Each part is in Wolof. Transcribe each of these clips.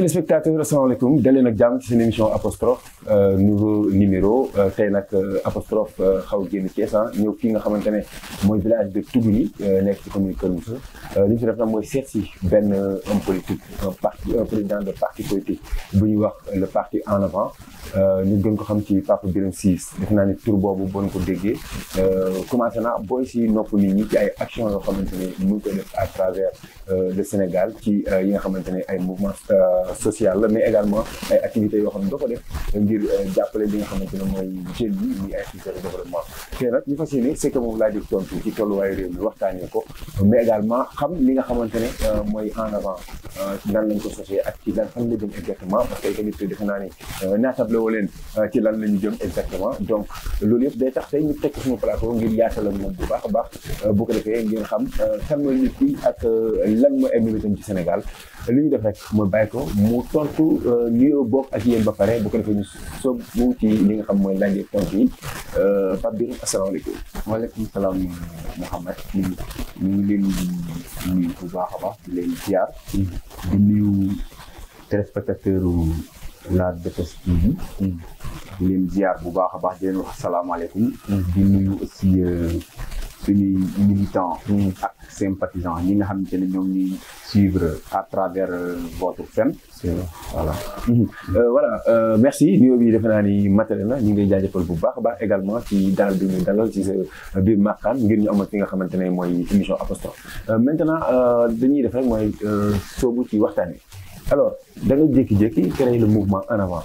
téléspectateurs à nak c'est une émission apostrophe euh, nouveau numéro euh, nak euh, apostrophe xaw génn ah. nga village de Tougouni li ñu si def nag mooy seet benn euh, homme politique un parti un président de parti politique bu ñuy wax le parti en avant euh, ñu gën ko xam ci Papa Birame Ciss def naa ne tur boobu bon ko déggee euh, commencé na booy si nopp nit ñi ci ay actions yoo xamante ni mu ngi koy def à travers le Sénégal ci yi nga xamante ne ay mouvement social la mais également ay activités yoo xam ne da ko def ngir jàppale li nga xamante ne mooy jël yi muy ay activités de développement te nag ñu fas yéene c'est que moom laa jël tontu ci tolluwaayu réew mi waxtaanee ko mais également xam li nga xamante ne euh, mooy en avant nan euh, lan lañ ko sosee ak ci lan fan la jëm exactement parce que tamit defe naa ni euh, naatable woo leen ci lan la ñu jëm exactement donc loolu yëpp day tax tey ñu tekk suñu plateau ngir yaatalal moom bu baax a baax bu ko defee ngeen xam kan mooy nit ki ak lan mooy ay mébétam ci Sénégal li ñu def rek mooy bàyyi ko mu tontu euh, li bokk ak yéen ba pare boo ko defee ñu soog mu ci li nga xam mooy laajee tontu yi euh, Pape Birame asalaamaaleykum. waaleykum salaam Mouhamed. ñu ngi leen di nuyu bu baax a baax di leen ziar. Mm. di nuyu téléspectateur la 2STV. Mm. di bu baax a baax di leen wax asalaamaaleykum. Mm. di nuyu aussi. Euh, suñuy militants ak sympathisants ñi nga xamante ne ñoom ñuy suivre à travers euh, votre chaîne voilà mhm. euh, voilà euh, merci nuyoo bi defe naa ni matériel la ñu ngi lay jaajëfal bu baax baax également ci daal bi ñu dalal ci sa biir màkkaan ngir ñu amal fi nga xamante ne mooy émission apostol maintenant dañuy def rek mooy soobu ci waxtaan alors da nga jékki-jékki créer le mouvement en avant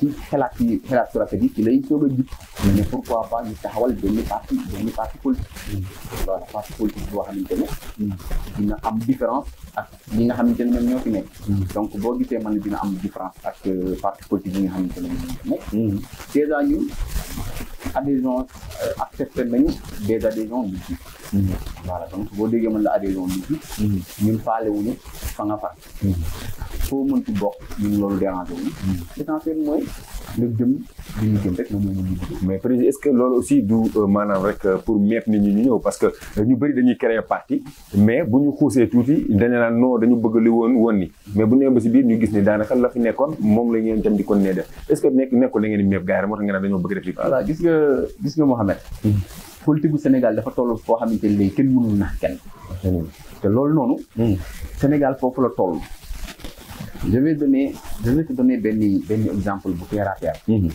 ci xelaat yi xelaat su rafet yi ci lay soog a jub ñu ne pourquoi taxawal benn parti benn parti politique voilà parti boo xamante ne dina am différence ak ñi nga xamante ne ñoom ñoo fi nekk donc boo gisee man dina am différence ak euh, parti politique yi nga xamante ne ñoom ñoo nekk mm-hmm. déjà ñun adhésion euh, accepté nañu des adhésions voilà donc boo déggee man la adhéré woon nit ñi ñun faale wuñu fa nga fa mhm. foo mën ci bokk ñun loolu dérangé wuñu mhm. l'essentiel mooy nga jëm bi ñu jëm rek moom la ñu mais président est-ce que loolu aussi du euh, maanaam rek euh, pour mettre nit ñi ñu ñëw parce que euh, ñu bëri dañuy créer parti mais bu ñu xuusee dañu naan non dañu bëgg li woon woon ni mais bu ñu ba si biir ñu gis ni daanaka la fi nekkoon moom la ngeen tam di kon nee def est-ce que nekk nekkul da ngeen di meeb gaay rek moo tax ngeen naan dañoo bëgg def li voilà gis nga gis nga Mohamed mhm. politique bu Sénégal dafa toll foo xamante ne léegi kenn mënul nax kenn. te loolu noonu. Hmm. Sénégal foofu la toll. je vais donner je vais exemple bu terre à terre. Hmm.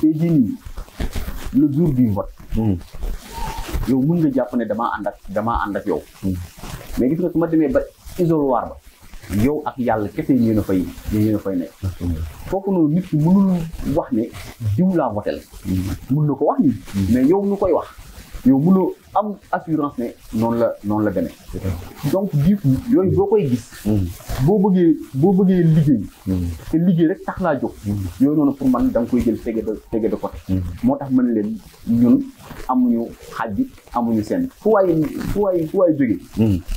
tey le jour du vote. Hmm. yow mën nga jàpp ne damaa ànd ak damaa ànd yow. mais gis nga su ma ba isoloir ba. yow ak yàlla kese ñeen na fay ñeen a fay nekk foofu noonu nit ki mënul wax ne diw laa votel mm-hmm. na ko wax nii mm-hmm. mais yow ñu koy wax yow mënoo am assurance ne noonu la noonu la demee donc du coup yooyu boo koy gis boo bëggee boo bëggee liggéey te liggéey rek tax laa jóg yooyu noonu pour man da koy jël tege de tege de côté moo tax mën leen ñun amuñu xaj bi amuñu seen fu waay fu waay fu waay jógee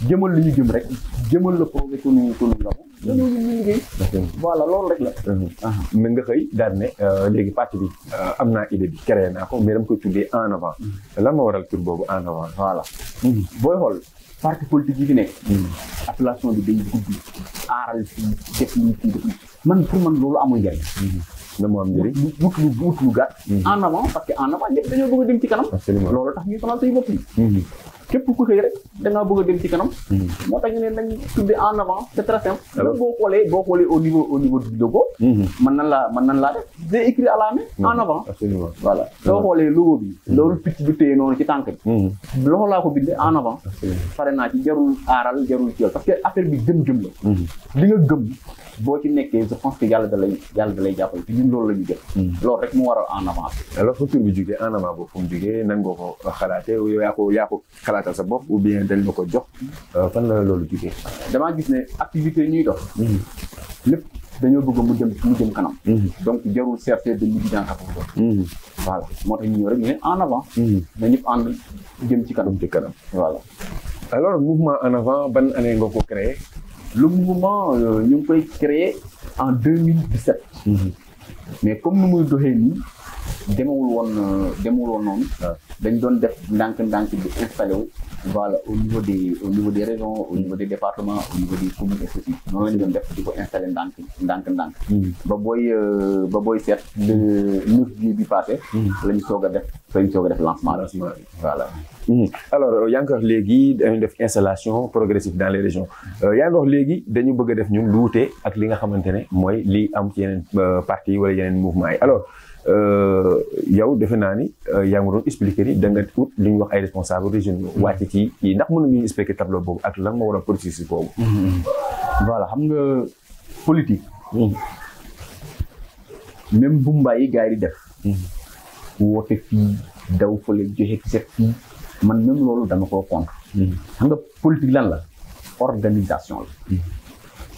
jëmal lu ñu jëm rek jëmal la projet que nous que nous avons dañoo loolu rek la ah. mën nga xëy daal ne euh, léegi parti bi euh, am bi naa ko mais dama koy tuddee en avant lan ma waral tur boobu en avant nga voilà. booy xool parti politique yi ki nekk. Hmm. appellation bi day gudd. aaral fii def lii fii def man pour man loolu amul njëriñ. Hmm. la mu am njëriñ wut lu wut lu gàtt. Hmm. en avant a dem ci kanam. loolu tax ñuy sonal say bopp yi. képp ku xëy rek da ngaa dem ci kanam. Hmm. moo tax ñu ne nañ tudde en avant c' est très simple. Ah boo xoolee boo xoolee au niveau au niveau du logo. Hmm. mën nan laa mën nan laa def j'ai écrit à la main hmm. en avant. absolument voilà soo xoolee logo loolu picc bi téye noonu ci tànk bi. loxo laa ko bindee en avant. pare naa ci jarul aaral jarul ci parce que affaire bi gëm-gëm la. li gëm. boo ci nekkee je pense que yàlla da lay yàlla da lay jàppale te ñun loolu la ñu jëf. Hmm. loolu rek mu waral en avant. alors fu tur bi jugee en avant boobu fu mu jugee nan nga ko xalaatee yow yaa ko xalaatal sa bopp ou bien dañ la ko jox. Hmm. Euh, fan la loolu jugee. damaa gis ne activité ñuy dox. Hmm. lépp dañoo bëgg mu jëm mu jëm kanam. donc jarul chercher de midi dans l'après-midi. voilà moo tax ñu ñëw rek ñu ne en avant. na ci kanam. jëm ci kanam voilà. alors mouvement ban année nga ko créé. Le mouvement, euh, nous a créé en 2017. Mhm. Mais comme nous le faisons, des mots ont été nommés, des mots ont été nommés, des mots ont été nommés, voilà au niveau des au niveau des régions au mm. niveau des départements au niveau des communes et ceci noonu la ñu doon def di ko installé ndànk ndànk ndànk mm. ba boy, euh, ba booy seet le neuf juillet bi passé mm. la ñu soog a def la ñu a def lancement voilà alors euh, yaa ngi wax léegi dañu def installation progressive dans les régions Il euh, yaa ngi wax léegi dañu bëgg a def ñun lu wute ak li nga xamante ne mooy li am ci yeneen parti wala yeneen mouvement yi alors Euh, yow defe naa ni euh, yaa ngi doon expliquer ni da ut li ñuy wax ay responsables régionaux mm-hmm. wàcc ci kii ndax mën nañu expliquer tableau boobu ak lan moo wara a processus boobu. Mm-hmm. voilà xam nga politique. Mm-hmm. même bu mbaay yi gars yi di def. woote fii daw fële joxe set fii man même loolu dama koo contre. xam nga politique lan la organisation la.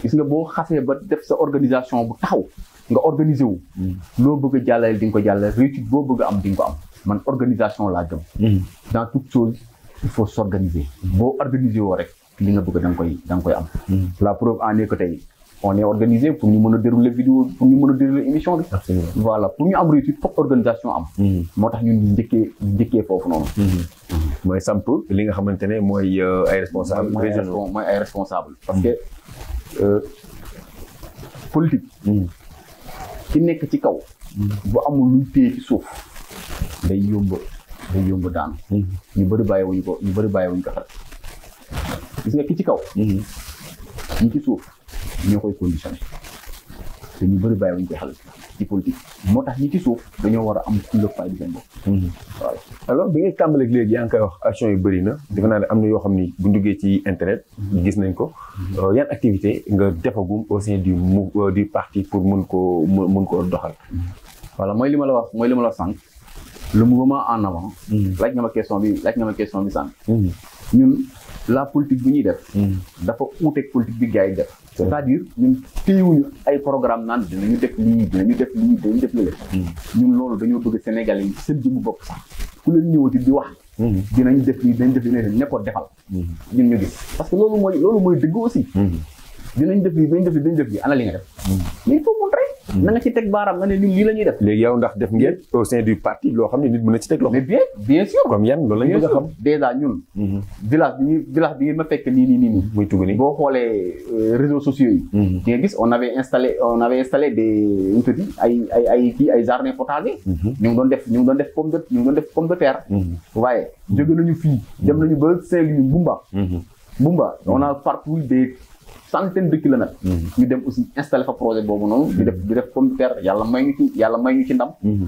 gis nga boo xasee ba def sa organisation bu taxaw. nga organiser wu. Mm. loo bëgg a jàllale di ko jàllale réussite boo bëgg a am di nga ko am man organisation laa gëm. Mm. dans toute chose il faut s'organiser. boo organiser woo rek li nga bëgg da nga koy da nga am. Mm. la preuve en est que tey on est organisé pour ñu mën a dérouler vidéo pour ñu mën a dérouler émission bi. voilà pour ñu am réussite foog organisation am. moo tax ñun ñu njëkkee njëkkee foofu noonu. mooy samp li nga xamante ne mooy euh, ay responsable régionaux mooy ay responsable parce que euh, politique. ki nekk ci kaw bu amul luy téye ci suuf day yomb day yomb daan ñu bari bàyyi wuñ ko ñu bëri bàyyi wuñ ko xel gis nga ki ci kaw ñi mm-hmm. ci suuf ñoo koy conditionné te ñu bëri bàyyi wuñ koy xel ci politique moo tax ñi ci suuf dañoo war a am fulla fayda seen bopp mhm. voilà alors bi ngay tàmbaleeg léegi yaa ngi koy wax action yu bëri na defe naa ne am na yoo xam ni bu ñu duggee ci internet mhm. gis nañ ko mhm. euh, yan activité nga defagum au sein du euh, du parti pour mun koo mun koo doxal voilà mooy li ma la wax mooy li ma la wax sànq le mouvement en avant laaj nga ma question bi laaj nga ma question bi sànq ñun la politique bi ñuy def dafa uuteeg politique c'est-à-dire ñun téyewuñu ay programme naan dinañu def lii dinañu def lii dinañu def lële ñun loolu dañoo bëgg Sénégalais yi seen jëmmu bopp sax ku leen ñëwati di wax mm-hmm. dinañ def lii dinañ def lii ne ko defal ñun ñu gis parce que loolu mooy loolu mooy dëgg aussi mm-hmm. dinañ def lii dinañ def lii dinañ def lii ana li nga def. mais il faut montrer. Hmm. na ci teg baaraam nga ne ñun lii la ñuy def. léegi yow ndax def ngeen au sein du parti loo xam ne nit a na ci teg loxo. mais bien bien a xam. déjà ñun. Hmm. village bi ñuy village bi ma fekk nii nii nii muy tugu nii boo xoolee euh, réseaux sociaux yi. Hmm. di nga gis on avait installé on avait installé des une petite ay ay ay kii ay jardin potager. ñu ngi doon def ñu ngi def pomme de ñu ngi def pomme de terre. waaye jóge nañu fii. dem nañu ba Saint-Louis Bumba. Bumba a centaine de kilomètres. ñu dem aussi installé fa projet boobu noonu. di def di yàlla may ñu ci ndam. Mhm.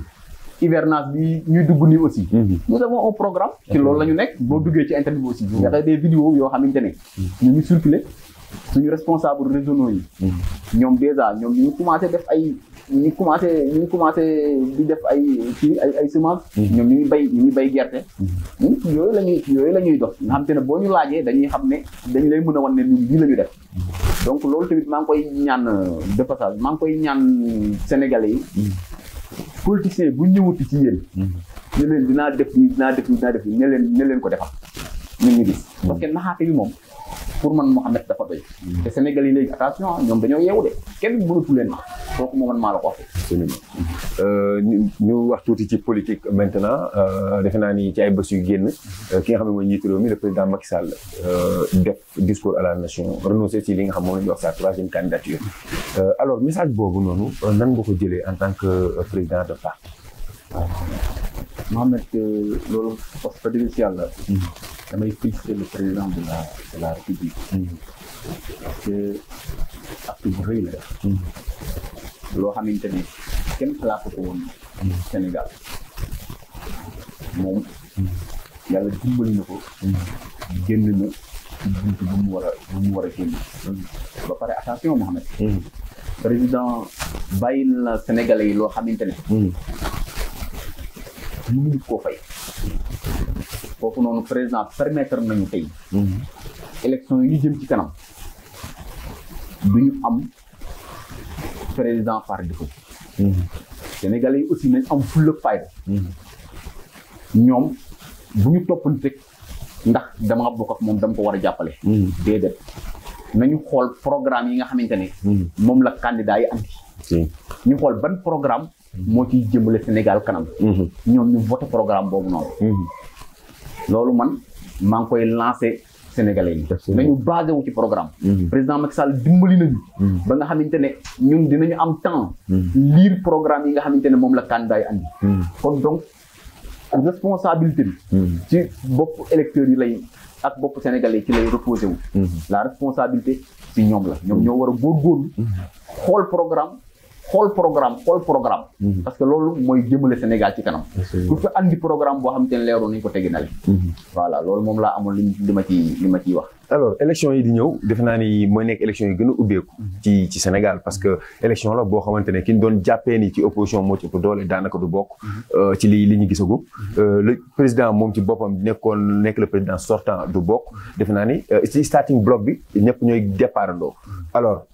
hivernage bi ñuy dugg nii aussi. Mhm. nous avons un programme. ci loolu la ñu nekk boo duggee ci internet bi aussi. ñu fexe mhm. des vidéos yoo xamante ne. ñu ngi circulé suñu responsable régionaux yi. ñoom dèjà ñoom ñu commencé def ay. ñu commencé ñu commencé di def ay kii ay ay semence mm-hmm. ñoom ñu bay ñu ngi bay gerte mm-hmm. hmm? yooyu la yooyu la ñuy dox nga xam te ne boo ñu laajee dañuy xam ne dañ lay mën a wan ne ñun lii la ñu def mm-hmm. donc loolu tamit maa ngi koy ñaan euh, de passage maa ngi koy ñaan sénégalais yi politicien bu ñëwuti ci yéen ne leen dinaa def nii dinaa def nii dinaa def nii ne leen ko defal ñun parce que naxaate bi moom pour man Mouhamed dafa doy. Mm. te Sénégal yi léegi attention ñoom dañoo yeewu de kenn mënatu leen kooku moo man maa la ko waxee. absolument euh, ñu wax tuuti ci politique maintenant euh, defe naa ni ci ay bés yu génn euh, ki nga xam ne mooy njiitu réew mi le président Macky Sall def discours à la nation renoncé ci li nga xam moom la ñuy wax sa troisième candidature. alors message boobu noonu nan nga ko jëlee en tant que président de parti. waaw Mouhamed loolu wax dëgg yàlla. damay féliciter le président de la de la république. Mm. parce que acte bu rëy la def. Mm. loo xamante ne kenn xalaatu ko woon. Mm. Sénégal moom. yàlla dimbali na ko. génn na ci buntu bu mu war a génn. ba pare attention Mohamed. président bàyyi na Sénégalais yi loo xamante ne. mënuñu koo fay. foofu noonu président permettre nañu tey. Mhm. élection yi ñu jëm ci kanam du ñu am président par défaut. Mhm. Sénégalais yi aussi nañ am fulla fayda. Mhm. ñoom bu ñu toppante ndax dama bokk ak moom dam ko war a jàppale. déedéet nañu xool programme yi nga xamante ne. moom la candidat yi andi. ñu xool ban programme moo ciy jëmale Sénégal kanam. ñoom ñu voté programme boobu noonu. loolu man maa ngi koy lancé Sénégalais yi na ñu wu ci programme mm-hmm. président Macky Sall dimbali nañu mm-hmm. ba nga xamante ne ñun dinañu am temps mm-hmm. liir programme yi nga xamante ne moom la candidat yi andi kon donc responsabilité bi ci bopp électeurs yi lay ak bopp sénégalais yi ci lay reposé wu la responsabilité ci ñoom la ñoom ñoo war a góorgóorlu xool programme xool programme xool programme. Mhm. parce que loolu mooy jëmale Sénégal ci kanam. pour que andi programme boo xam te ne leeroon ko tegi na le. Mhm. loolu moom laa amoon li ma ci li ma ciy wax. alors élection yi di définitivement, defe ni élection yi venue au ubbeeku ci Sénégal parce que élection la boo xamante ne ki ñu doon jàppee ni ci opposition moo ci ëpp doole daanaka bok, bokk mhm. euh, ci li li ñu gisagu mhm. euh, le président moom ci boppam nekkoon que le président sortant du bokk defe naa ni euh, ci starting block bi ñëpp ñooy départandoo mhm. alors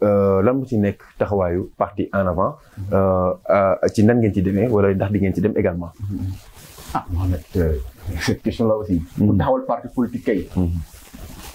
lan mu ci nekk taxawaayu parti en avant ci nan ngeen ci demee wala ndax di ngeen ci dem également ah Mohamed question là aussi bu taxawal parti politique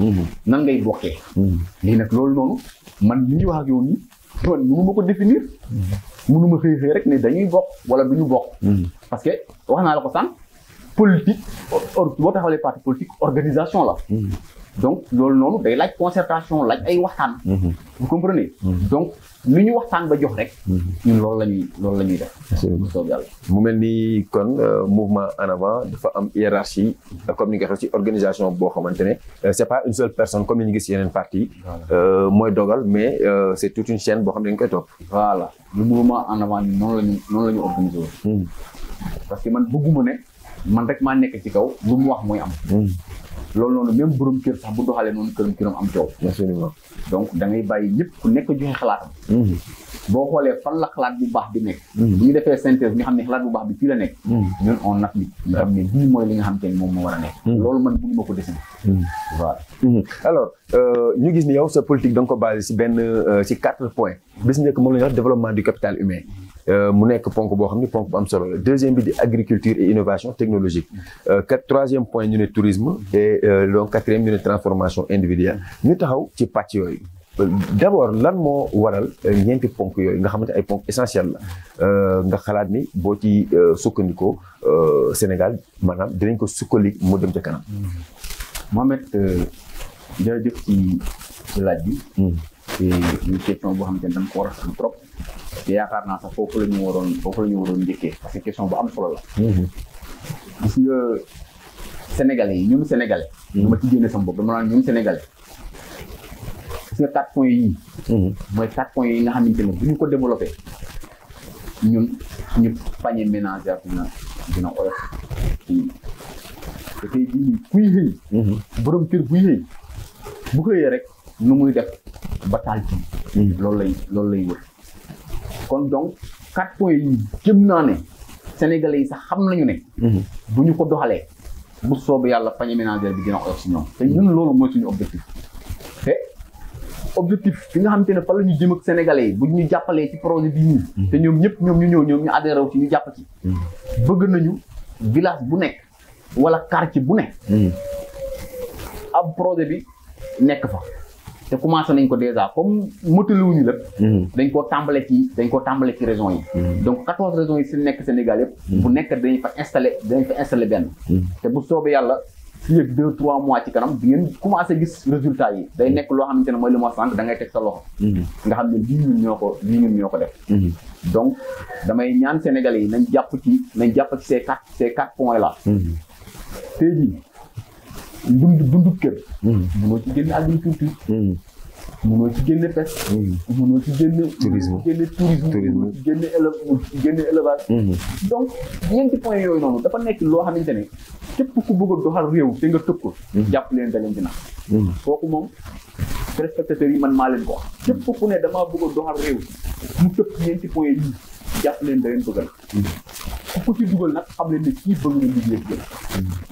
Mm-hmm. nan ngay bokkee. Mm-hmm. lii nag loolu noonu man li ñuy wax ak yow nii ko définir. Mm-hmm. mënu ma xëy xëy rek ne dañuy bokk wala du ñu bokk. parce que wax naa la ko sànq politique or boo taxawalee parti politique organisation la. donc loolu noonu day laaj concertation laaj ay waxtaan. vous comprenez donc. lu ñu waxtaan ba jox rek. Mm-hmm. ñun loolu la ñuy loolu la ñuy def. mu mel ni kon euh, mouvement en avant dafa am hiérarchie euh, comme ni nga ci organisation boo xamante ne euh, c'est pas une seule personne comme ni ñu gis yeneen parti mooy dogal mais c'est tout une chaîne boo xam ne dañ koy topp. voilà le mouvement en avant noonu la ñu noonu la ñu organisé woon mm-hmm. parce que man bëgguma ne man rek maa nekk ci kaw lu mu wax mooy am. Mm-hmm. loolu noonu même borom kër sax bu doxalee noonu këram këram am coow. donc da ngay bàyyi ñëpp ku nekk joxe xalaatam. Hmm. boo xoolee fan la xalaat bu baax bi nekk. Hmm. bu ñu defee synthèse ñu xam ne xalaat bu baax bi fii la nekk. Hmm. ñun on applique ñu xam ne lii mooy li nga xam te ne moom moo war a nekk. loolu man bëgg ma ko dessiné. voilà. alors euh, ñu gis ni yow sa politique da ko basé si benn euh, si quatre points. bis njëkk moom la ñuy développement du capital humain. Euh, mu nekk ponk boo xam ni ponk bu am solo la deuxième bi di agriculture et innovation technologique euh, quatre troisième point ñu ne tourisme et euh, donc quatrième ñu ne transformation individuelle ñu taxaw ci pàcc yooyu d' abord lan moo waral ñeenti ponk yooyu nga xamante ay ponk essentiel la nga xalaat ni boo ci sukkandikoo Sénégal maanaam dinañ ko sukkali mu dem ca kanam Mohamed jërëjëf ci laaj bi hmm. te ñu question boo xamante ne dañ ko war a xam trop te yaakaar naa sax foofu la ñu waroon foofu la ñu waroon njëkkee parce que question bu am solo la. Mm-hmm. gis nga sénégalais yi ñun sénégalais. Mm-hmm. dama ci génne sama bopp dama naan ñun sénégalais. gis yi. Mm-hmm. mooy quatre points yi nga xamante ne bu ñu ko développé ñun suñu panier ménagère dina dina oyof. te tey jii kuy xëy. borom kër buy xëy bu xëyee rek nu muy def. ba taal ci loolu lay loolu wër kon donc quatre points yi jëm naa ne sénégalais yi sax xam nañu ne mhm. bu ñu ko doxalee bu soob yàlla panier ménagère bi dina oyof si ñoom te ñun loolu mooy suñu objectif te objectif bi nga xamante ne fa la ñu jëm yi bu ñu jàppalee ci projet bi nii te ñoom ñëpp ñoom ñu ñëw ñoom ñu adhéré ci ñu jàpp ci mhm. bëgg nañu village bu nekk wala quartier bu nekk mhm. ab projet bi nekk fa te commencé nañ ko déjà comme mottali wuñu lépp. Mm-hmm. dañ ko tàmbale ci dañ ko tàmbale ci régions yi. Mm-hmm. donc quatorze nekk Sénégal yëpp. Mm-hmm. bu nekk dañ fa installé installé benn. te bu soobee yàlla si yëg deux trois mois ci kanam di ngeen commencé gis résultat yi day nekk loo xamante ne mooy ngay teg sa loxo. nga xam ne lii ñun ñoo ko lii ñun ñoo ko def. donc damay ñaan sénégal yi nañ jàpp ci nañ jàpp ci ces quatre ces quatre la là. jii dund dund kër. mënoo hmm. ci génne agriculture. mënoo hmm. ci génne pêche. mënoo hmm. ci génne. tourisme génne tourisme mënoo ci génne élevage génne élevage. donc ñeenti point yooyu noonu dafa nekk loo xamante ne képp ku bëgg a doxal réew te nga tëb ko. jàpp leen da leen na kooku moom téléspectateurs yi man maa ko képp ku ne damaa bëgg a doxal réew mu tëb ñeenti point yi jàpp leen da leen bëggal. ku ko ci dugal nag xam leen ne kii bëgg na liggéey ak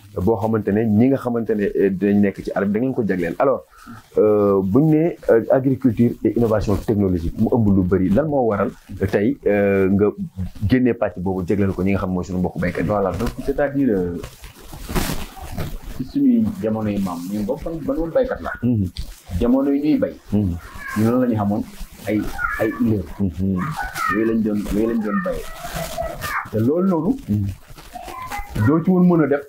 boo xamante ne ñi nga xamante ne eh, dinañ nekk ci àll bi da ngeen ko jagleel alors euh, buñ ne euh, agriculture et innovation technologique mu ëmb lu bëri lan moo waral tey euh, nga génnee pàcc boobu jagleel ko ñi nga xam mooy suñu mbokku béykat yi. voilà donc c'est-à-dire ci jamono yi maam ñun boobu fan béykat la. Mm-hmm. jamono yi ñuy bay. Mm-hmm. ñu loolu la xamoon ay ay ileer. Mm-hmm. lañ doon yooyu lañ doon bayee te loolu noonu. doo ci woon mën a def.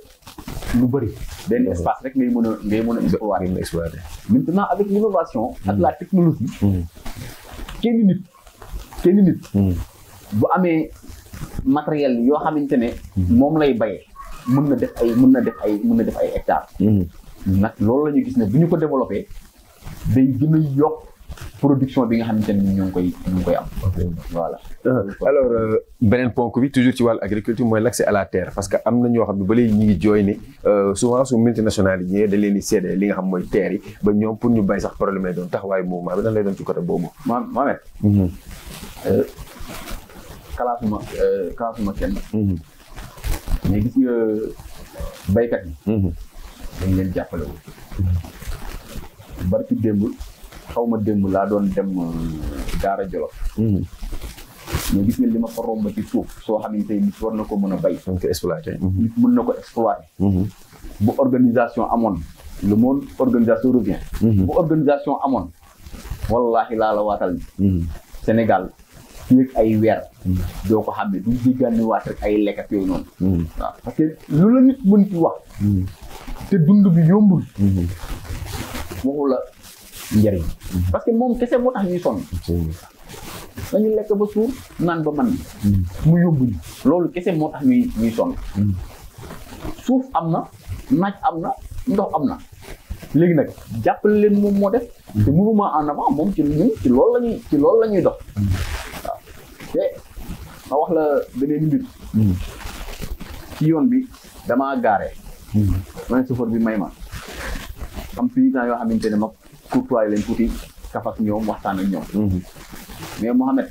lu bëri benn espace rek ngay mën a ngay mën a exploiter exploiter maintenant avec l'innovation ak hmm. la technologie hmm. kenn nit kenn nit hmm. bu amee matériel yoo xamante ne moom lay bayee mën na def ay mën na def ay mën na def ay hectares nag loolu la gis ne bu ñu ko développé day gën a yokk production bi nga xam xamante ne ñu ngi koy ñu ngi koy am. voilà. Euh, alors euh, beneen ponk bi toujours ci wàllu agriculture mooy l'accès à la terre parce que am na ñoo xam ne ba léegi ñu ngi jooy ni euh, souvent su multinationales yi ñëwee da leen di seede li nga xam mooy terre yi ba ñoom pour ñu bay sax problème lay doon taxawaayu mouvement bi nan lay doon ci côté boobu. ma Mohamed. Mhm. kalaasuma kalaasuma kenn. Mhm. mais gis nga baykat yi. Mhm. dañ leen jàppale wu. barki démb. xaw ma démb don doon dem euh, daara jolof hmm. mais gis nga li ma fa romb ci suuf soo xamante nit war na ko mën a bay ko exploité hmm. nit mën na ko exploité hmm. bu organisation le monde organisation revient bu organisation amoon wallahi laa la waatal ni Sénégal fii ak ay weer doo ko xam ne du jéggaani waat rek ay lekkat parce que lu la nit mën ci wax te dund bi yombul waxu la njëriñ parce que moom kese moo tax ñuy sonn dañu lekk ba suur naan ba man yóbbu loolu kese moo tax ñuy suuf am na naaj am na ndox am na léegi nag jàppale leen moom moo def te mouvement en avant moom ci ñun ci loolu lañuy la ñuy dox te ma wax la beneen mbir ci yoon bi damaa gaare hmm. ma ne bi may ma am paysan yoo xamante ne ma courtois lañ tuuti kaf ak ñoom waxtaan ak ñoom. mais mhm. Mohamed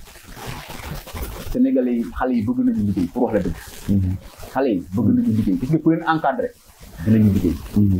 Sénégalais yi xale yi bëgg nañu liggéey pour wax la dëgg. Mhm. xale yi bëgg nañu liggéey gis nga ku leen encadré dinañu liggéey. Mhm.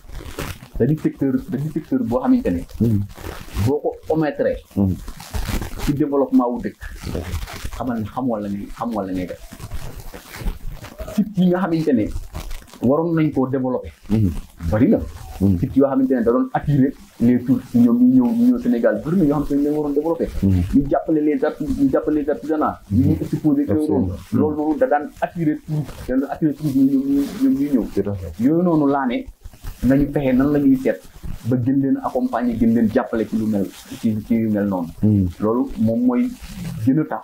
dañu secteur dañu secteur boo xamante ne. Hmm. boo ko omettre. Hmm. ci développement wu dëkk. xamal ne xam la ngay xamoo la ngay def. yi nga xamante ne waroon nañ koo développé. Hmm. bari na. sites yoo xamante ne da doon attirer les ñoom ñu ñëw ñu ñëw Sénégal bari na ñoo xamante ne dañ waroon développé. ñu jàppale les art ñu jàppale les artisanat. ñu ñu exposé yooyu noonu. loolu noonu da daan attirer touristes da daan attirer ñu ñëw. yooyu noonu laa nañu pexe nan la ñuy seet ba gën leen accompagner gën jàppale ci lu mel ci ci lu mel noonu. Hmm. loolu moom mooy gën tax.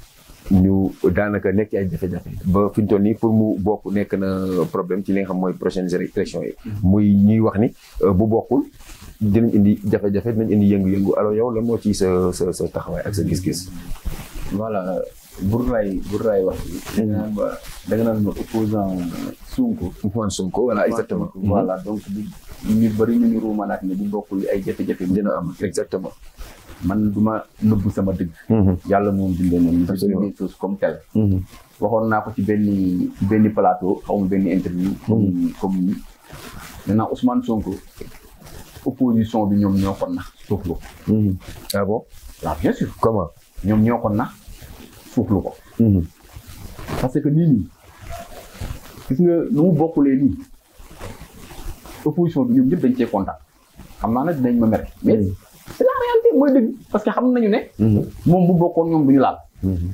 ñu daanaka nekk ay jafe-jafe ba fi toll nii pour mu bokk nekk na problème ci li nga xam mooy prochaines élections yi mm-hmm. muy ñuy wax ni euh, bu bokkul dinañ indi jafe-jafe dinañ indi yëngu-yëngu alors yow lan moo ci sa sa sa taxawaay ak sa gis-gis voilà Bourlaye Bourlaye wax mm-hmm. da naan ba da nga naan ma opposant Sonko Ousmane Sonko voilà exactement voilà donc ñu bëri ñu ñu ruumanaat ne bu bokkul ay jafe-jafe dina am exactement man du ma nëbb sama dëgg. Mhm. yàlla moom bindee noonu. absolument chose comme tel. Mhm. waxoon naa ko ci benn benn palaato xaw ma benn interview. Mhm. comme comme maintenant Ousmane Sonko. opposition bi ñoom ñoo ko nax suuflu ko. ah, ah ñoom ñoo ko parce que nii nii gis nga nu mu bokkulee nii opposition bi ñoom ñëpp dañ cee kontaan xam naa nag dinañ ma mer c'est la réalité mooy dëgg parce que xam nañu ne. Mhm. moom bu bokkoon ñoom du ñu laal. Mhm.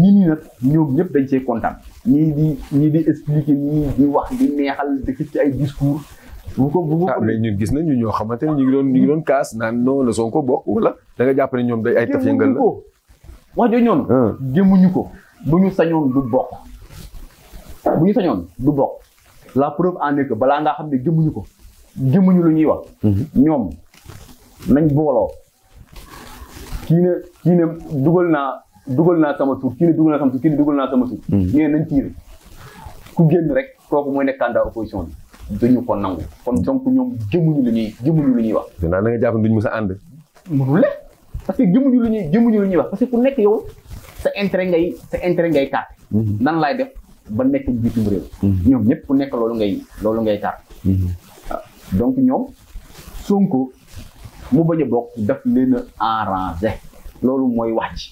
ñi nii nag ñoom ñëpp dañ cee kontaan. ñii di ñii di expliquer ñii di wax di neexal di ci ay discours. bu ko bu ko ah, mais ñun gis nañu ñoo xamante ne ñu ngi doon ngi doon kaas naan non la Sonko bokk wala da jàpp ne ñoom day ay. taf yëngal la wax jooju noonu. Ah. gémmuñu ko bu ñu sañoon du bokk. bu ñu sañoon du bokk. la preuve en est balaa ngaa xam ne gémmuñu ko gémmuñu lu ñuy wax. Mhm. ñoom. nañ booloo kii ne kii ne dugal naa dugal naa sama tur kii ne dugal naa sama tur kii ne dugal naa sama tur. Hmm. ñeneen nañ tiir ku génn rek kooku mooy nekk candidat opposition bi. duñu ko nangu kon donc ñoom jëmuñu lu ñuy jëmuñu lu ñuy wax. dinaa na nga jàpp duñ mës a ànd. mënul la parce que jëmuñu lu ñuy jëmuñu lu ñuy wax parce que ku nekk yow sa intérêt ngay sa intérêt ngay taat. Hmm. nan laay def ba nekk bitim réew. Hmm. ñoom ñëpp ku nekk loolu ngay loolu ngay taat. Ah, donc ñoom Sonko mu bañ a bokk daf leen a loolu mooy wax ji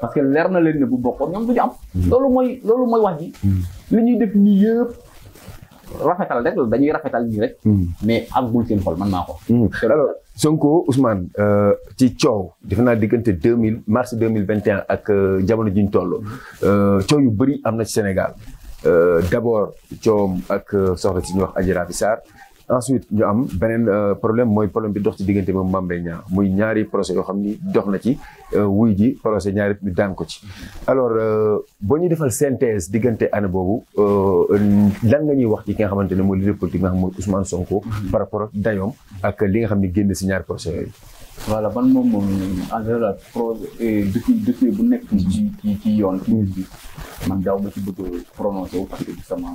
parce que leer na leen bu bokkoon ñoom du ñu am. Hmm. loolu mooy loolu mooy wax ji. Hmm. li ñuy def nii yëpp rafetal rek dañuy rafetal nii rek. Hmm. mais àggul seen xol man maa ko. Sonko Ousmane euh, ci coow def naa diggante deux mille mars deux mille vingt ak euh, jamono ji ñu toll euh, coow yu bëri am na ci Sénégal d'abord coowam ak soxna si ñuy wax Adji Raby ensuite ñu am un euh, problème moy problème bi dox ci muy ñaari procès yo xamni dox na ci euh, wuy ji ñaari ko ci. alors euh, bo ñu defal synthèse diggante année lan nga ñuy wax ci nga xamantene Ousmane Sonko. Mm-hmm. par rapport ak dayom ak li nga xamni ci procès voilà ban moom moom en général projet eh, depuis bu nekk ci ci yoon mm-hmm. man daaw ma ci bëgg prononcé sama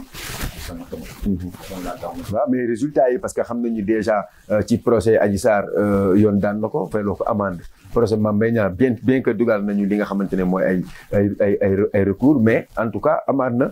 sama sama mm-hmm. waaw mais résultat yi parce que xam nañu déjà euh, ci procès Adji Sarr euh, yoon daan na ko fay loo ko amende procès Mame Mbaye Niang bien bien que dugal nañu li nga xamante ne mooy ay ay ay ay recours mais en tout cas amaat na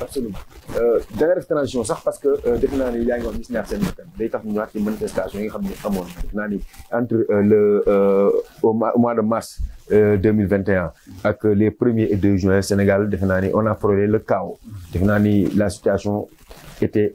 Absolument. Euh, dernière cette ça parce que, euh, depuis euh, le y a une mission à Sénégal. L'État à il y a des Entre le mois de mars 2021 et les 1er et 2 juin, au Sénégal, on a apprécié le chaos. la situation était...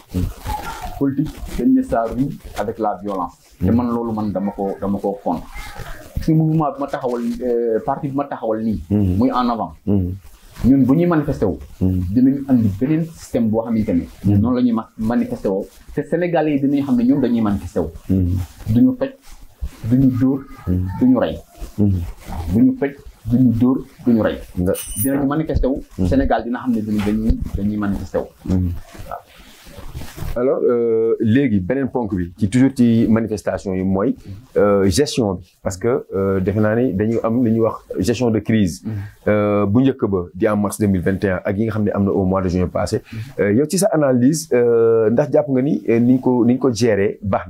politique dañ ne ça rime avec la violence. Mm. te man loolu man dama ko dama koo fond. si mouvement ma taxawal euh, parti bi ma taxawal nii. Mm. muy en avant. Mm. ñun bu ñuy manifesté wu. dinañ andi beneen système boo xamante ne. noonu la ñuy manifesté woo te Sénégalais yi dinañ xam ne ñoom dañuy manifesté wu. duñu fecc duñu dóor. duñu rey. duñu fecc duñu dóor duñu rey. dinañ manifesté wu. Sénégal dina xam ne dinañ dañuy dañuy manifesté alors euh, les benen ponk bi ci toujours ci manifestation yi mooy euh, gestion bi parce que euh, defe naa ni dañu am li wax gestion de crise mm-hmm. bu njëkk ba di en mars 2021 ak yi nga xamné am na au mois de juin passé yow ci sa analyse ndax japp nga ni ni ko ni ko gérer baax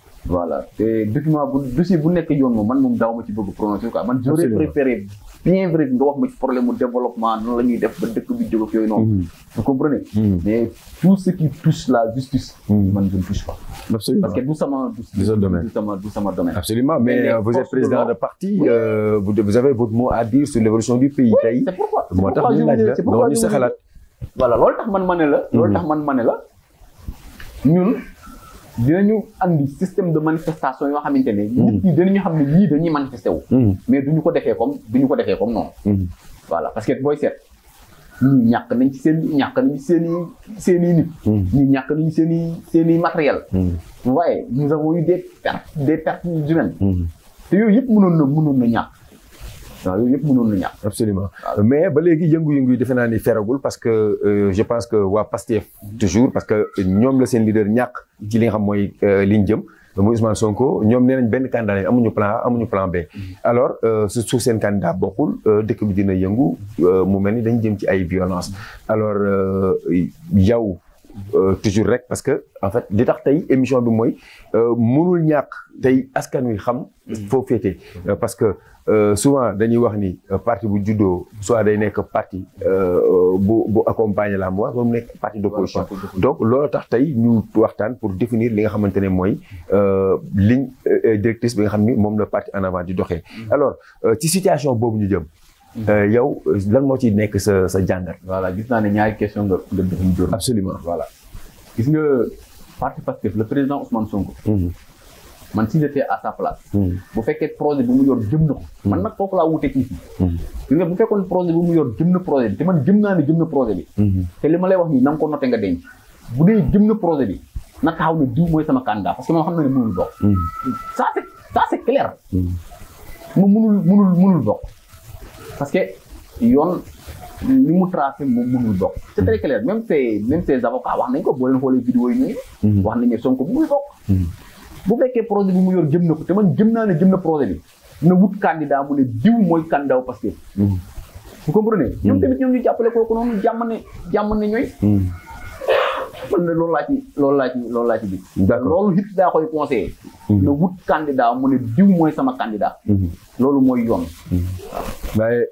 voilà et document bu dossier bu nekk yoon moi, man moom daaw ma ci bëgg prononcer quoi man j'aurais préféré bien vrai nga wax ma problème de développement nan la ñuy def ba dëkk bi jóg mm-hmm. vous comprenez mm-hmm. mais tout ce qui touche la justice mm-hmm. man je ne touche pas absolument parce que du ça m'a, sama du domaine absolument mais euh, vous êtes président de parti euh, vous avez votre mot à dire sur l'évolution du pays c'est pourquoi C'est pourquoi ñu laaj la voilà loolu tax man pourquoi ne tax dinañu andi système de manifestation yoo xamante ne. nit ñi hmm. dinañu xam ne ñii dañuy manifesté wu. Hmm. mais duñu ko defee comme duñu ko defee comme noonu. Hmm. voilà parce que booy seet ñii ñàkk nañ ci seen ñàkk nañ seen i seen i nit. ñii ñàkk nañu seen i seen i matériel. vous voyez nous avons eu des pertes des pertes humaines. yëpp mënoon na mënoon na ñàkk. waaw yooyu yëpp mënoon na ñàkk absolument mais feragul parce que euh, je pense que waa Pastef toujours parce que ñoom leader ñàkk a li nga xam mooy euh, le jëm muy son co, ñoom nee nañ benn candidat lañ amuñu plan A plan B mm-hmm. alors ce euh, su seen candidat bokkul dëkk bi dina yëngu mu mel ni dañ jëm ci violence mm-hmm. alors yow Euh, toujours rek parce que en fait li tax tay émission bi euh mënul ñàkk tay askan wi xam. faut féete euh, parce que euh, souvent dañuy wax ni parti bu judo soit day nek parti bu bu accompagner la moi moom nek parti d'opposition donc lolu tax tay ñu waxtaan pour définir li nga xamantene moy euh ligne directrice bi nga xam ni moom la parti en avant di doxé mm. alors ci situation bobu ñu jëm. Euh, yow lan moo ci nekk sa sa jàngat. voilà gis naa ne ñaari question nga nga déglu Dior. absolument voilà. gis nga parti Pastef le président Ousmane Sonko. Mhm. man si j'étais à sa place. Mhm. bu fekkee projet bi mu yor jëm na mhm. man nag foofu laa wuteeg nit ñi. gis nga bu fekkoon projet bi mu yor jëm na projet te man jëm naa ne na projet bi. te li ma lay wax nii na nga ko noté nga denc. bu dee jëm na projet bi na taxaw ne diw mooy sama candidat parce que moom xam na ne mënul bokk. ça c'est ça c'est clair. mu mënul mënul bokk. parce que yoon li mu tracé moom mënul bokk. Hmm. c'est très clair même ces même ces avocats wax nañ ko boo leen xoolee vidéo yi nii. Hmm. wax nañ ne Sonko mënul bokk. Hmm. bu fekkee projet bi mu yor jëm na ko te man jëm naa ne jëm na projet bi na wut candidat mu ne diw mooy candidat parce que. vous comprenez. ñoom tamit ñoom ñu jàppale kooku noonu jàmm ne jàmm man de loolu laa ci loolu laa ci loolu laa ci bi loolu it daa koy conseillé mhm. na wut candidat mu ne diw mooy sama candidat mhm. loolu mooy yoon mhm. waaye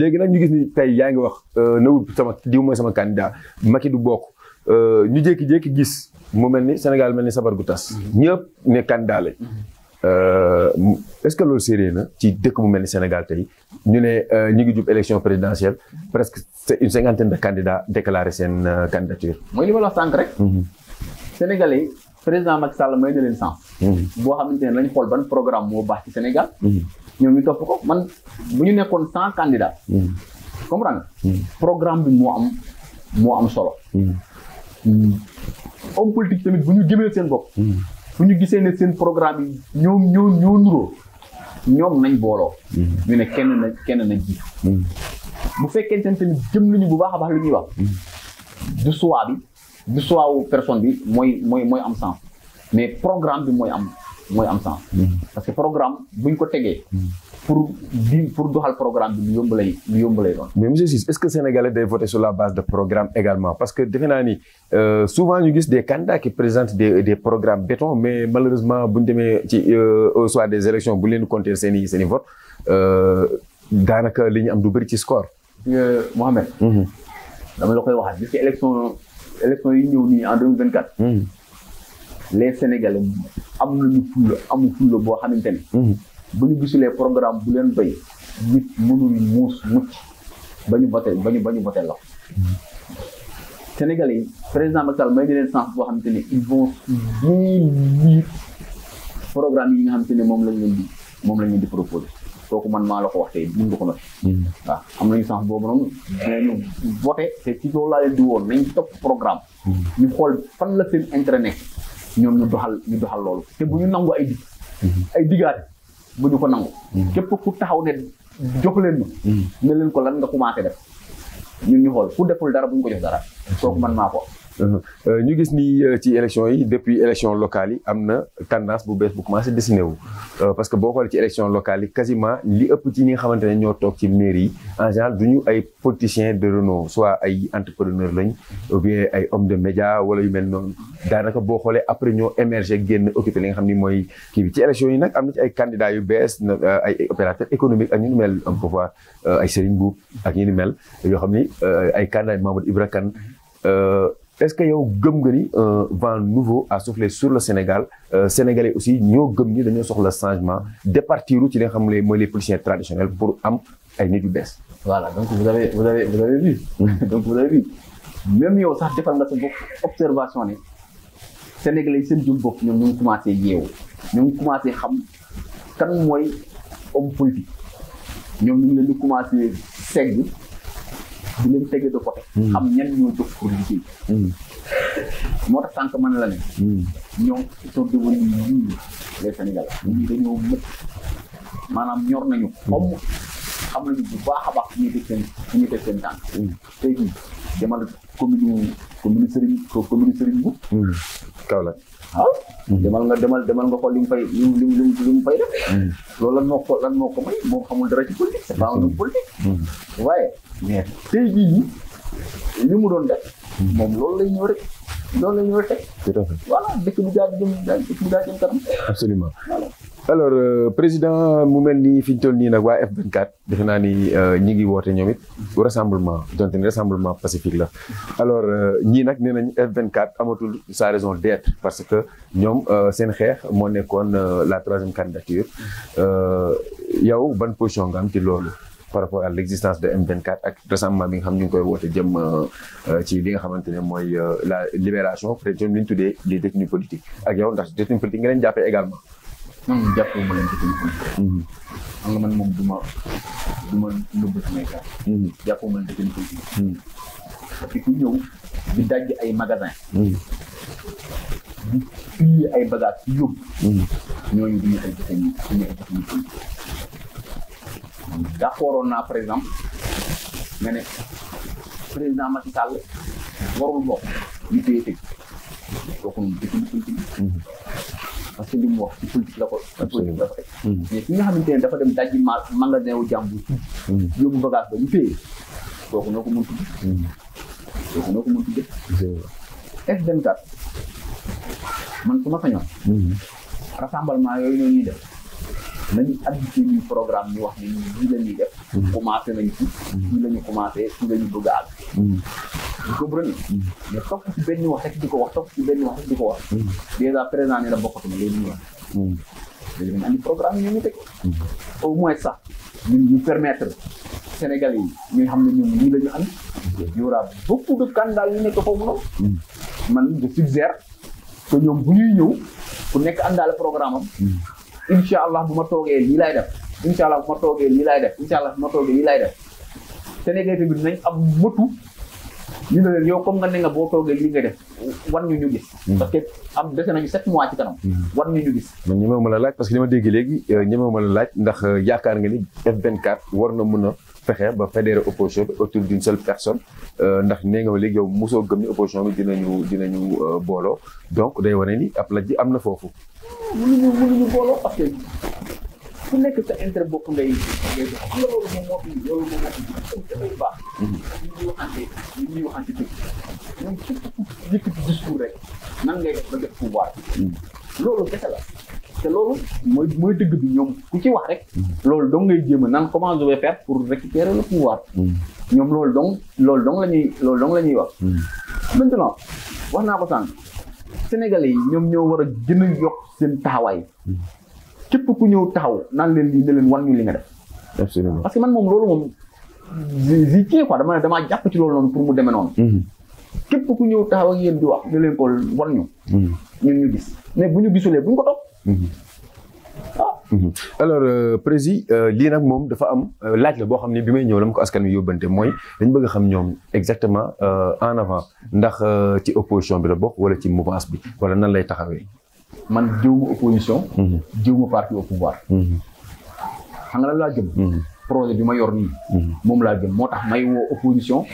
léegi nag ñu gis ni tey yaa ngi wax euh, na wut sama diw mooy sama candidat Macky du bokk euh, ñu jékki-jékki gis mu mel ni Sénégal mel ni sabar gu tas ñëpp ne candidat lañ Euh, est-ce que loolu sérieux na ci dëkk bu mel ni Sénégal tey ñu ne euh, ñu ngi jub élection présidentielle presque c'est une cinquantaine de candidats déclaré seen euh, candidature. mooy li ma la wax sànq rek. Mm-hmm. Sénégalais yi président Macky Sall may na leen sens. Mm-hmm. boo xamante ne lañ xool ban programme moo baax ci Sénégal. Mm-hmm. ñoom ñu topp ko man bu ñu nekkoon cent candidats. comprendre programme bi moo am moo am solo. homme politique tamit bu ñu jëmee seen bopp. bu ñu gisee ne seen programme yi ñoom ñoo ñoo nuroo ñoom nañ booloo. Mm-hmm. ñu ne kenn na kenn na jiitu. Mm-hmm. bu fekkente ne tamit jëm nañu bu baax a baax li ñuy wax. Mm-hmm. du choix bi du choix wu personne bi mooy mooy mooy am sens mais programme bi mooy am mooy am sens. parce que programme buñ ko tegee. pour le pour doxal programme bi lu yomb lay lay mais monsieur est-ce que sénégalais day voter sur la base de programme également parce que defe naa ni euh, souvent ñu gis des candidats qui présentent des des programmes béton mais malheureusement buñ demee euh, au soir des élections bu leen compter seen i seen i vote euh, daanaka li ñu am du bëri ci score. Mohamed. Mhm. dama la koy waxaat gis élection élection yi en 2024, mhm. les sénégalais am nañu fulla amu fulla bu ñu gisulee programme bu leen doy nit mënul muus mucc ba ñu voté ba ñu ba ñu voté la Sénégalais yi président Macky Sall may ñu leen sens boo xamante ne ils vont lii programme yi nga xamante ne moom lañ leen di moom lañ leen di proposé kooku man maa la ko wax tey mën nga ko noté. Mm-hmm. waaw am nañu sens boobu noonu. dinañu voté te ci loolu laa leen di woon nañ topp programme. Mm-hmm. ñu xool fan la seen intérêt nekk ñoom ñu doxal ñu doxal loolu te bu ñu nangu ay dig. Mm-hmm. ay digaat. bu ñu ko nangu. Mm. képp ku taxaw ne jox leen ma. Mm. ne ko lan nga commencé def ñun ñu xool ku deful dara bu ñu ko jox dara. Mm. kooku man maa ko. Euh, ñu gis ni euh, ci élection yi depuis élection locale yi candidats na tendance bu bees bu dessiné wu. Euh, parce que boo xoolee ci élection locale quasiment li ëpp ci ñi nga xamante ne ñoo toog ci mairie yi en général du ñu ay politiciens de renom soit ay entrepreneurs lañ ou bien ay hommes de médias wala yu mel noonu daanaka boo xoolee après ñoo émerger génn occupé li nga xam ni mooy kii bi ci élection yi nag am ci ay candidats yu bees ay opérateurs économiques ak ñu mel am pouvoir ay Serigne Mboup ak ñu ni mel yoo xam ni ay candidats Mamadou Ibra Kane est-ce que yow gëm nga ni un euh, vent nouveau à souffler sur le Sénégal euh, sénégalais aussi ñoo gëm ni dañoo soxla changement départiru ci li xam ne moy les politiciens traditionnels pour am ay nit yu bess voilà donc vous avez vous avez vous avez vu. Hmm. donc vous avez vu même yow sax defal nga sa observation sénégalais yi seen jum bopp ñoom ñu commencé yeewu ñu commencé xam kan moy homme politique ñom ñu ngi leen commencé ségg di leen tege de côté. Hmm. xam ñan ñoo jóg pour liggéey. Hmm. moo tax sànq man la ne. Hmm. ñoo ils sont devenus libres les Sénégalais. ñun dañoo mët maanaam ñor nañu. comme xam nañu bu baax a baax fi ñuy def seen def seen tànk. te jii demal commune commune Serigne commune Serigne bu. Kaolack. ah. demal nga demal demal nga xool li mu fay li mu li mu fay mm-hmm. loolu lan moo lan moo ko may moo xamul dara ci politique c'est pas un homme politique. Mm-hmm. waaye mais tey jii li mu doon def. moom loolu lay ñëw loolu la ñu war a teg. tout à absolument alors euh, président mu mel ni fi ñu toll nii nag waa F24 defe naa ni euh, ñi ngi woote ñoom it rassemblement donte ni rassemblement pacifique la alors euh, ñii nag nee nañ F24 amatul sa raison d'être parce que ñoom seen xeex moo nekkoon la troisième candidature yow ban position nga am ci loolu. par rapport à l' existence de M24 ak récemment bi nga xam ñu ngi koy woote jëm euh, li nga xamante ne mooy euh, la libération peut être ñoom li ñu tuddee les détenus ak yow ndax détenus politiques nga leen jàppee également. man mii jàppee ma mhm. ma du ma nëbb samay mhm. mhm. parce que ku ñëw di daj ay magasin di ay ay détenus du ndax corona, naa par exemple nga ne président Macky Sall warul bok ñu téye tëj kooku noonu dëkk politique parce que li mu wax ci politique la ko politique la ko rek mais ki nga xamante ne dafa dem dajji ma magasin wu jàmbur yóbbu bagage ba ñu téye kooku noo ko mën tudd kooku noo ko mën F24 man su ma rassemblement yooyu noonu ñuy def nañu habitué ñu programme ñu wax ni lii la ñuy def. Mm-hmm. commencé nañ ci. Mm-hmm. fii la ñu commencé fii la ñu bëgg mm-hmm. ci benn wax rek di ko wax topp ci benn wax rek di ko wax. dèjà présent ni la bokkatuma loolu ñu wax. léegi nañ andi programme ñu ñu teg. au moins sax ñu permettre Sénégalais yi ñu xam ne ñoom lii la ñu xam. y aura beaucoup nekk foofu noonu. man je suggère que ñoom bu ñuy ñëw ku nekk am programme am. incha allah bu ma toogee lii laay def incha allah bu ma toogee lii laay def incha allah bu nañ am motu ñu ne yow comme nga ne boo toogee lii nga def war ñu ñu gis. Hmm. parce que am dese nañu sept mois ci kanam. Hmm. war ñu ñu gis. man ñemewuma la laaj parce que li ma dégg léegi euh, ñemewuma la laaj ndax euh, yaakaar nga ni F24 war na mën a fexe ba fédérer opposition bi autour d'une seule personne euh, ndax nee nga léegi yow mosoo gëm ni opposition bi dinañu dinañu booloo donc day wane ni ab am na foofu. mënuñu mënuñu booloo parce que ku nekk sa intérêt bopp ngay ngay dox xam nga loolu moom moo fi loolu moom moo fi comme dafay baax. ñu ñuy waxante ñu ñuy waxante dëgg ñoom képp ku yëkkati discours rek nan ngay def ba def pouvoir loolu kese la. te loolu mooy mooy dëgg bi ñoom ku ci wax rek loolu dong ngay jéem a nan comment je vais faire pour récupérer le pouvoir ñoom loolu dong loolu dong la ñuy loolu dong la ñuy wax maintenant wax naa ko sànq Sénégalais ñoom ñoo war a gën a yokk seen taxawaay képp ku ñëw taxaw naan leen lii ne leen wan ñu li nga def. parce que man moom loolu moom zi kii quoi dama damaa jàpp ci loolu noonu pour mu deme noonu. Mm-hmm. képp ku ñëw taxaw ak yéen di wax ne leen ko wan ñu. Mm-hmm. ñu gis mais bu ñu gisulee bu ñu ko topp. Mm-hmm. Ah, Mhm. alors euh, prési euh, lii nag moom dafa am euh, laaj la boo xam ne bi may ñëw la ma ko askan wi yóbbante mooy dañ bëgg xam ñoom exactement en avant ndax ci opposition bi la bokk wala ci mouvance bi wala nan lay taxawee. man jiwuma opposition. Mhm. jiwuma parti au pouvoir. Mhm. xam nga lan laa jëm. bi ma yor nii. moom laa jëm moo tax may woo opposition.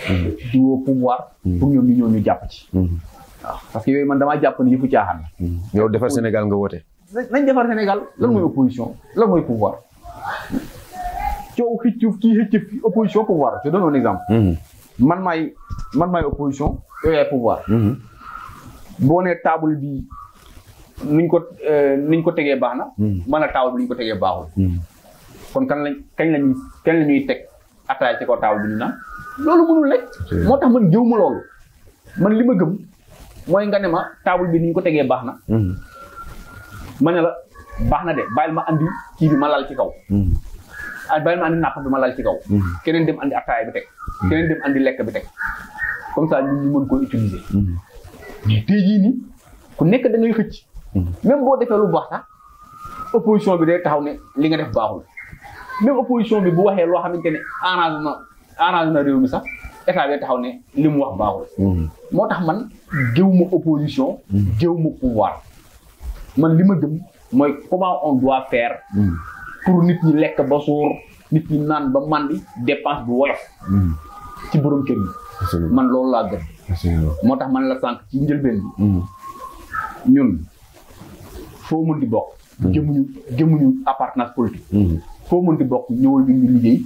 di woo pouvoir. pour ñoom ñu ñëw jàpp ci. parce que yooyu man damaa jàpp ne yëfu caaxaan. yow defar Sénégal nga woote. nañ defar Sénégal lan mooy hmm. opposition lan mooy pouvoir coow xëcc kii xëcc opposition pouvoir je donne un exemple. Hmm. man maay man maay opposition yow yaay pouvoir. Hmm. boo nee table bi niñ euh, ko tegee baax na. man a table bi niñ ko tegee baaxul. kon kan lañ kañ lañuy kañ lañuy teg attaay ci kaw table bi ñu naan loolu mënul nekk. moo tax man jëw ma loolu man li gëm mooy nga ne ma table bi niñ ko tegee baax na. ma ne la baax na de bàyyil ma andi kii bi ma lal ci kaw. Hmm. ah bàyyil ma andi napp bi ma lal ci kaw. Hmm. keneen dem andi attaaya bi teg. Hmm. keneen dem andi lekk bi teg comme ça ñun ñu mën koo utiliser. tey jii nii ku nekk da xëcc. même boo defee lu baax sax opposition bi day taxaw ne li nga def baaxul même opposition bi bu waxee loo xamante ne arrange na arrange na réew mi sax état bi taxaw ne li mu wax baaxul. moo tax man géew ma opposition. géew ma pouvoir. man li ma gëm mooy comment on doit faire hmm. pour nit ñi lekk ba suur nit ñi naan ba màndi dépense bu woyof hmm. ci borom kër yi man loolu laa gëm moo tax man la sànq ci njëlbeen bi hmm. ñun foo mën di bokk gëmuñu gëmuñu appartenance politique foo mën di bokk ñëwal ñu ngi liggéey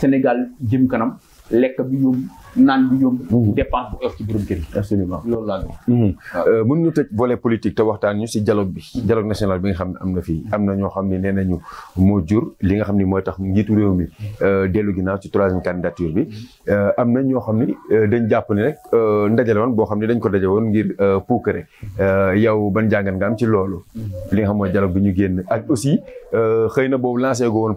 Sénégal jëm kanam lekk bi yóbbu naan bu yomb. Mhm. dépense bu mhm. euh, ñu tëj volet politique te waxtaan ñu si dialogue bi. Mhm. dialogue national bi nga xam ne am na fii am na ñoo xam ne nee nañu moo jur li nga xam ne mooy tax njiitu réew mi euh, dellu ginnaaw ci troisième candidature bi euh, am na ñoo xam ne dañ jàpp ne rek ndajale woon boo xam ne dañ ko daje woon ngir puukare yow ban jàngat nga am ci loolu. li nga xam mooy dialogue bi ñu génn ak aussi xëy na boobu lancé go woon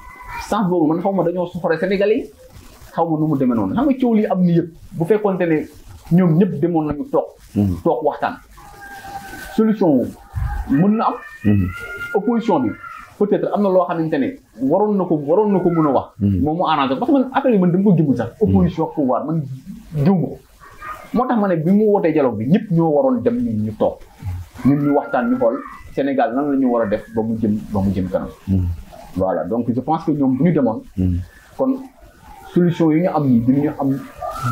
sens boobu man xaw ma dañoo soxore Sénégalais yi xaw ma nu mu demee noonu xam nga coow am ni yëpp bu fekkonte ne ñoom ñëpp demoon nañu toog. Mhm. toog waxtaan. solution wu mën na am. Mhm. opposition bi peut-être am na loo xamante ne waroon na ko waroon na ko mun a wax. Mhm. moom mu arrangé parce que man affaire yi man dama ko gëmul sax. opposition ak pouvoir man gëmu moo tax ma ne bi mu wootee dialogue bi ñëpp ñoo waroon dem ñu toog nu ñu waxtaan ñu xool Sénégal nan la ñu war a def ba mu jëm ba mu jëm kanam. voilà donc je pense que ñoom bu ñu demoon. Hmm. kon solution yi ñu am yi dinañu am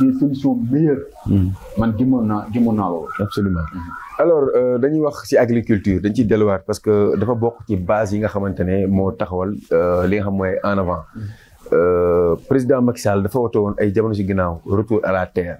des solutions meilleures. Hmm. man jëmoon naa naa loolu. absolument hmm. alors euh, dañuy wax ci agriculture dañ ciy delluwaat parce que dafa bokk ci base yi nga xamante ne moo taxawal euh, li nga xam mooy en avant euh, président Macky Sall dafa woto woon ay jamono ci ginnaaw retour à la terre.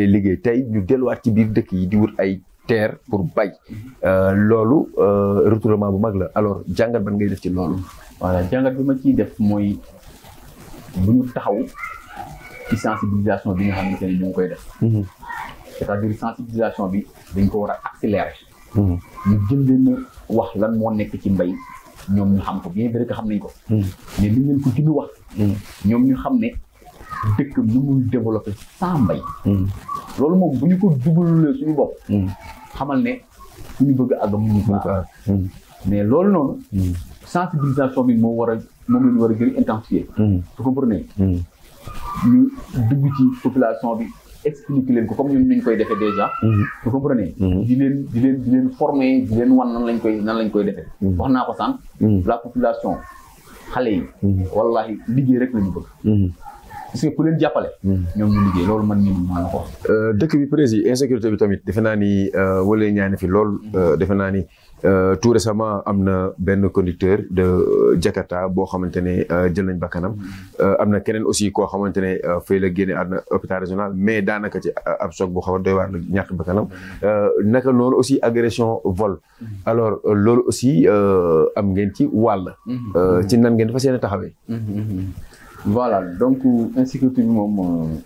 lay liggéey tey ñu delluwaat ci biir dëkk yi di wut ay terre pour bay euh, loolu euh, retournement bu mag la alors jàngat ban ngay def ci loolu voilà jàngat bi ma ciy def mooy bu ñu taxaw ci sensibilisation bi nga xamante ne ñu ngi koy def mhm. c'est-à-dire sensibilisation bi dañ ko war a accélérer mhm. ñu jël leen wax lan moo nekk ci mbay ñoom ñu xam ko bien vrai que xam nañ ko mhm. mais liñ leen ko gën wax ñoom ñu xam ne dëkk nu muy développé sans mbay hmm. loolu moom bu ñu ko dugalulee suñu bopp hmm. xamal ne suñu ñu bëgg àgg mu ñu fa hmm. mais loolu noonu sensibilisation bi moo war a moom la ñu war a gën a intensifier vous comprenez ñu dugg ci population bi expliquer leen ko comme ñun nañ koy defee déjà vous comprenez di leen di leen di leen former di leen wan nan lañ koy nan lañ koy defee wax naa ko sànq la population xale yi wallahi liggéey rek la ñu bëgg gis nga ku leen jàppale. Hmm. ñoom ñu liggéey loolu man mii maa la ko wax. Euh, dëkk bi prési insécurité bi tamit defe naa ni euh, wala ñaane fi lool hmm. euh, defe naa ni. tout récemment am na benn conducteur de Jakarta boo xamante ne jël nañ bakkanam hmm. am na keneen aussi koo xamante ne fay la génne àdduna hôpital régional mais daanaka ci ab choc bu xaw a doy waar la ñàkk bakkanam naka noonu aussi agression vol alors loolu aussi am ngeen ci wàll ci nan ngeen fas yéene taxawee voilà donc insécurité bi moom euh,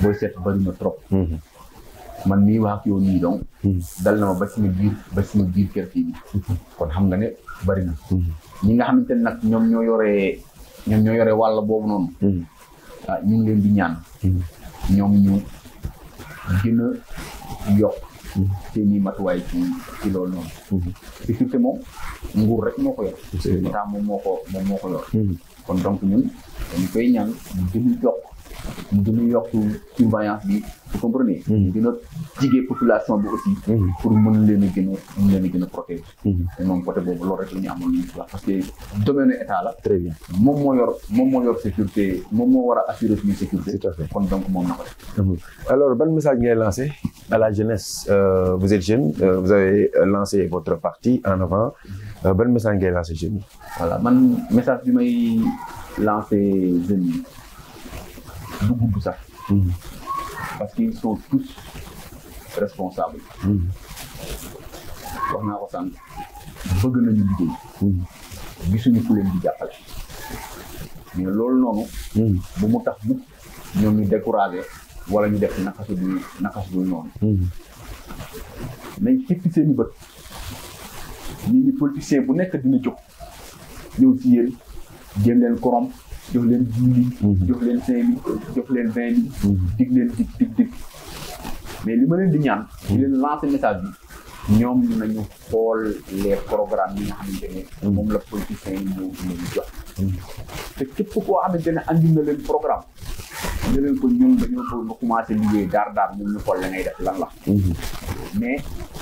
booy seet bari na trop. Mhm. man mii wax ak yow nii donc. Mhm. dal na ma ba sama biir ba sama biir mhm. kon xam nga ne bari na. ñi nga xamante ne nag ñoom ñoo yore ñoom ñoo yore wàll boobu noonu. ah ñu ngi leen di ñaan. ñoom ñu gën a yokk. seen i matuwaay ci ci loolu noonu. sécurité moom nguur rek moo ko yor. moo ko yor. kon donc ñun dañ koy ñaan mu gën a yokk mu gën a yokk surveillance bi vous comprenez ñu mm-hmm. gën a jigee population bi aussi mm-hmm. pour mën leen a gën a mën leen a gën a protéger mm-hmm. te moom côté boobu loolu rek la ñu amoon lu ñu ci parce que domaine état la très bien moom moo yor moom moo yor sécurité moom moo war a assurer suñu sécurité tout à kon donc moom na ko def alors ban message ngay lancé à la jeunesse euh, vous êtes jeune euh, vous avez lancé votre parti en avant Euh, ban message ngay lancé jeunes yi. voilà man message bi may lancé jeunes yi du gudd sax. Mhm. parce qu'ils sont tous responsables. Mhm. wax naa ko sànq bëgg nañu liggéey. Mhm. gisuñu ku leen jàppale. mais loolu noonu. bu mu tax bu ñoom ñu découragé wala ñu def naqas bi naqas du noonu. nañ xippi seen i bët. ñi ni bu nekk dina jóg ñëw ci yéen leen korom jox leen dix mille mhm. jox leen cinq mille jox leen vingt mille mhm. dig dig dig mais li ma leen di ñaan di leen lancé message bi ñoom nañu xool les programmes yi nga xamante ne mhm. moom la politicien yi ñëw leen jox te képp koo xamante ne andi na leen programme ne leen ko ñun dañoo bëgg nga commencé liggéey daar daar ñun ñu xool la ngay def lan la mais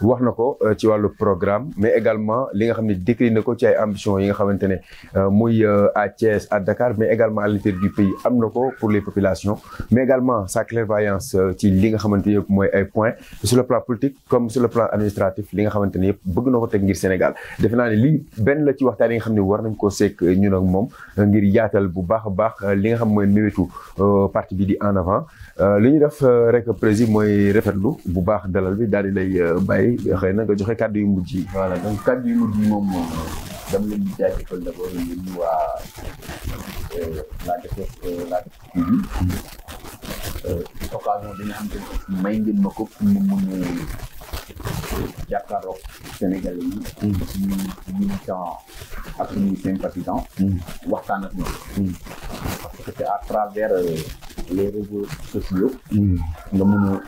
wax na ko euh, ci wàllu programme mais également li nga xam ne décliné na ko ci ay ambition yi nga xamante ne euh, muy euh, à Thiès à Dakar mais également à l'intérieur du pays am na ko pour les populations mais également sa clairvoyance ci li nga xamante ne mooy ay points sur le plan politique comme sur le plan administratif li nga xamante ne yëpp bëgg na ko teg ngir Sénégal defe naa ne lii benn la ci waxtaan yi nga xam ne war nañ ko seek ñun ak moom ngir yaatal bu baax a baax li nga xam mooy méwetu parti bi di en avant li ñu def rek président mooy rafetlu bu baax dalal bi daal di lay bàyyi mooy xëy na nga joxe kàddu yu mujj yi. voilà donc moom moom dama leen di jaajëfal d' abord yéen ñu waa euh, la Deffeff euh, la Deffeff TV euh, occasion bi nga xam te may ngeen ma ko pour mu mun jàkkaarloog Sénégalais yi. suñu mm. militant ak suñu sympathisant. Mm. waxtaan ak ñoom. Mm. parce que c'est à travers les réseaux sociaux. nga mun a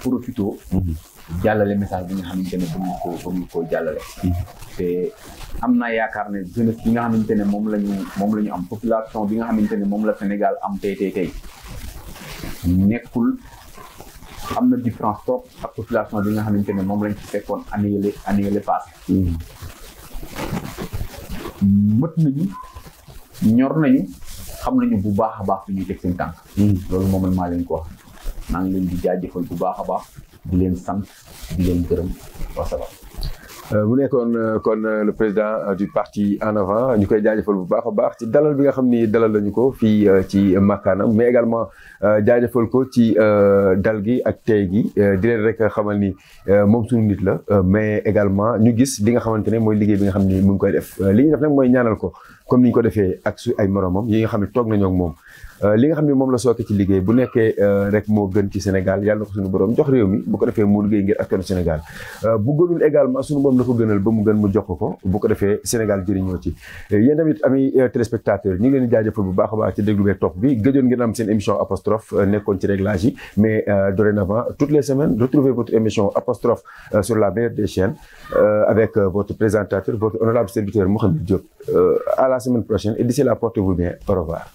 profité. jàllale message bi nga xamante ne bëgg nga koo bëgg koo jàllale. te am naa yaakaar ne jeunesse bi nga xamante ne moom lañu moom la ñu am population bi nga xamante ne moom la Sénégal am tey am na différence trop bi nga xamante ne moom lañ ci fekkoon année yële année yële mët nañu ñor nañu xam nañu bu baax a baax fi ñuy teg seen tànk. Mm. loolu moom man maa leen ko wax maa ngi leen di jaajëfal bu baax a baax. di leen sant di leen gërëm wasalaam. Euh, mu nekkoon euh, kon euh, le président du parti en avant ñu koy jaajëfal bu baax baax ci dalal bi nga xamni dalal lañu ko fi ci makana mais également jaajëfal ko ci dal gi ak tey gi di leen rek xamal ni mom suñu nit la mais également ñu gis li nga xamantene moy liggéey bi nga xamni mu ngi koy def li ñu def nak moy ñaanal ko comme niñ ko defee ak su ay moromam yi nga li Sénégal suñu borom jox réew mi bu ko Sénégal euh, bu gënul également suñu borom la gënal ba mu gën mu Sénégal jëriñoo ci euh, yéen tamit ami euh, téléspectateur ñu ngi leen bu ci émission apostrophe ci réglage mais dorénavant toutes les semaines retrouvez votre émission apostrophe sur la meilleure des chaînes avec votre présentateur votre honorable serviteur Mohamed Diop semaine prochaine et d'ici là, portez-vous bien. Au revoir.